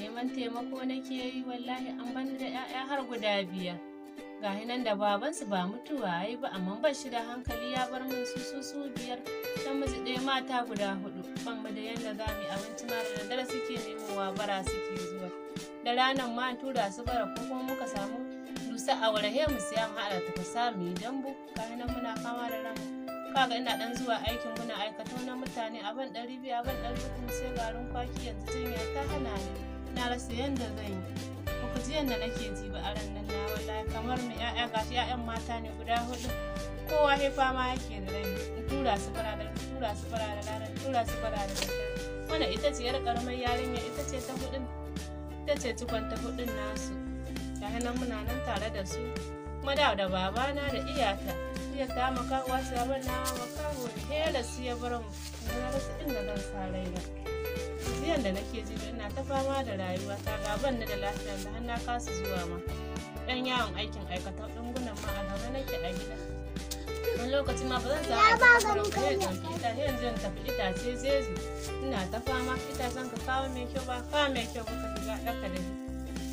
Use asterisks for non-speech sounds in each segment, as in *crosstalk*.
neman taimako nake yi wallahi an bani da 'ya'ya har guda biyar gahi nan da babansu ba mutuwa ai ba amma ba shi da hankali ya bar min su su su biyar dan miji ɗaya mata guda hudu ban mu da yanda za mu abinci ma da dare suke nemowa bara suke zuwa da ranar ma tura su bara ko kuma muka samu dusa a warahe mu siya mu haɗa tafasa mu yi dambu gahi nan muna fama da ramu kaga ina dan zuwa aikin muna aikata na mutane ban ɗari biyu ban ɗari uku sai garin kwaki yanzu jinya ta hana ni na rasa yadda zan yi ba ku ji yadda nake ji ba a nan na wallahi kamar mai ga gashi ƴaƴan mata ne guda hudu kowa ya fama yake da rai. in tura su fara da tura su fara da rana tura su fara da wannan ita ce yar karamar yarinya ita ce ta hudun ita ce cikon ta hudun nasu ga nan muna nan tare da su kuma da da babana da iyata iyata makawa sabon na makawo hela su ya bar mu na rasa inda zan sa ba gajiyan da nake ji ina ta fama da rayuwa ta gaban na da lafiya da hannu ka su zuwa ma dan yawon aikin aikata dungunan ma a gaba nake a gida wani lokaci ma ba zan ba a kasar kai tafi ita sai yanzu yanzu tafi itace zezi ina ta fama itacen ka kawo mai kyau ba kawo mai kyau ba ka ga daka da ni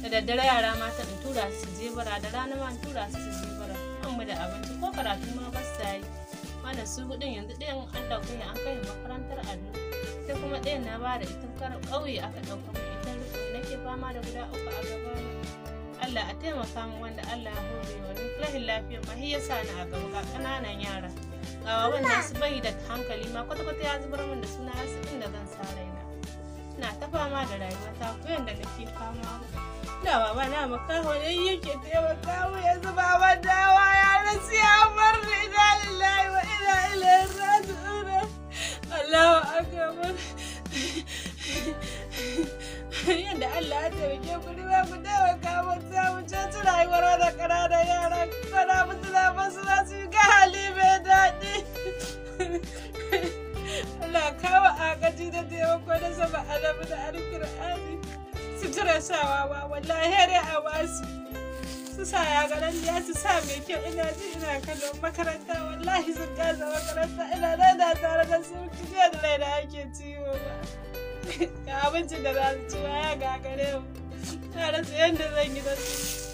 da daddare yara ma in tura su je bara da rana ma in tura su su je bara an mu da abinci ko karatu ma ba su yi wanda su hudun yanzu ɗayan an ne an kai maka ɗaya na ba da ita karar ƙauye aka ɗauka mai ita riko nake fama da guda uku a gaba Allah a taimaka min wanda Allah ya hore wa ni lahin lafiya ma ya sa ni a gaba ga ƙananan yara gawa wanda su bai da hankali ma kwata-kwata ya zubar min da suna su inda zan sa raina ina ta fama da rayuwa ta ko yanda nake fama da baba na makaho ne yake taimaka mu ya zuba wa dawo yadda Allah ya taimake ku ni ba ku taimaka mun samu canci rayuwar wannan ƙananan yara kana musu na basu za su yi ga hali mai daɗi. *laughs* Allah kawo agaji da taimako da sama alamu da alƙur'ani sutura sawa ba wallahi ne a wasu. su sa ya garan ya su sa mai kyau ina ji ina kallon makaranta wallahi sun gaza makaranta ina nan da tare da su jiya da raina ake ciwo ba. *laughs* abincin da za su ci ya gagare mu na rasa yadda zan yi da